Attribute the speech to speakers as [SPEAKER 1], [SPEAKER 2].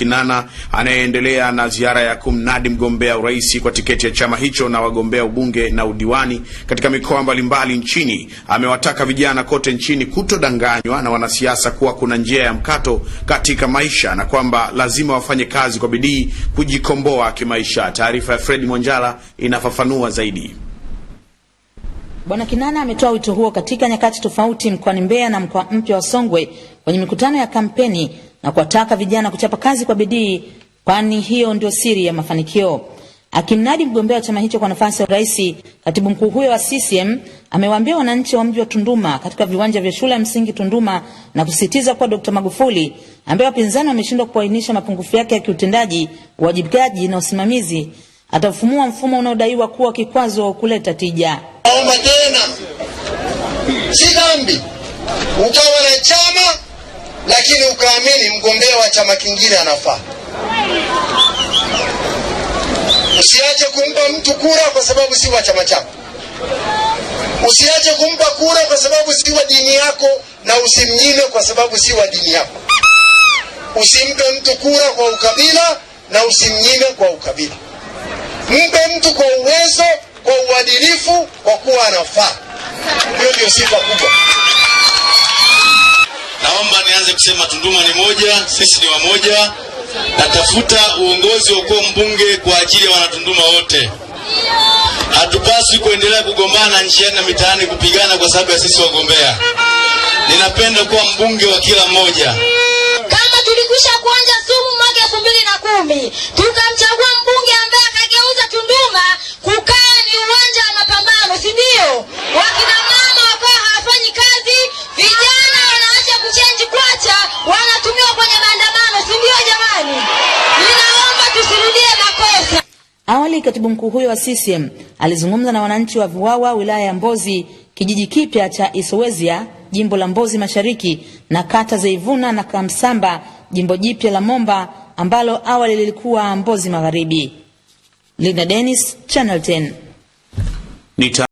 [SPEAKER 1] Kinana anayeendelea na ziara ya kumnadi mgombea urais kwa tiketi ya chama hicho na wagombea ubunge na udiwani katika mikoa mbalimbali nchini, amewataka vijana kote nchini kutodanganywa na wanasiasa kuwa kuna njia ya mkato katika maisha na kwamba lazima wafanye kazi kwa bidii kujikomboa kimaisha. Taarifa ya Fred Mwanjala inafafanua zaidi.
[SPEAKER 2] Bwana Kinana ametoa wito huo katika nyakati tofauti mkoani Mbeya na mkoa mpya wa Songwe kwenye mikutano ya kampeni na kuwataka vijana kuchapa kazi kwa bidii, kwani hiyo ndio siri ya mafanikio. Akimnadi mgombea wa chama hicho kwa nafasi ya urais, katibu mkuu huyo wa CCM amewaambia wananchi wa mji wa Tunduma katika viwanja vya shule ya msingi Tunduma na kusisitiza kuwa Dkt. Magufuli ambaye wapinzani wameshindwa kuainisha mapungufu yake ya kiutendaji, uwajibikaji na usimamizi, atafumua mfumo unaodaiwa kuwa kikwazo kuleta tija.
[SPEAKER 3] Naomba tena si dhambi ukawa lakini ukaamini mgombea wa chama kingine anafaa. Usiache kumpa mtu kura kwa sababu si wa chama chako. Usiache kumpa kura kwa sababu si wa dini yako, na usimnyime kwa sababu si wa dini yako. Usimpe mtu kura kwa ukabila na usimnyime kwa ukabila. Mpe mtu kwa uwezo, kwa uadilifu, kwa kuwa anafaa. Hiyo ndio sifa kubwa.
[SPEAKER 4] Naomba nianze kusema Tunduma ni moja, sisi ni wamoja. Natafuta uongozi wa kuwa mbunge kwa ajili ya wanatunduma wote. Hatupaswi kuendelea kugombana njiani na mitaani, kupigana kwa sababu ya sisi wagombea. Ninapenda kuwa mbunge wa kila mmoja.
[SPEAKER 5] Kama tulikwisha kuanja sumu mwaka elfu mbili na kumi tuka
[SPEAKER 2] Awali katibu mkuu huyo wa CCM alizungumza na wananchi wa Vuwawa wilaya ya Mbozi, kijiji kipya cha Isowezia jimbo la Mbozi Mashariki na kata za Ivuna na Kamsamba jimbo jipya la Momba ambalo awali lilikuwa Mbozi Magharibi. Lina Dennis, Channel 10. Nita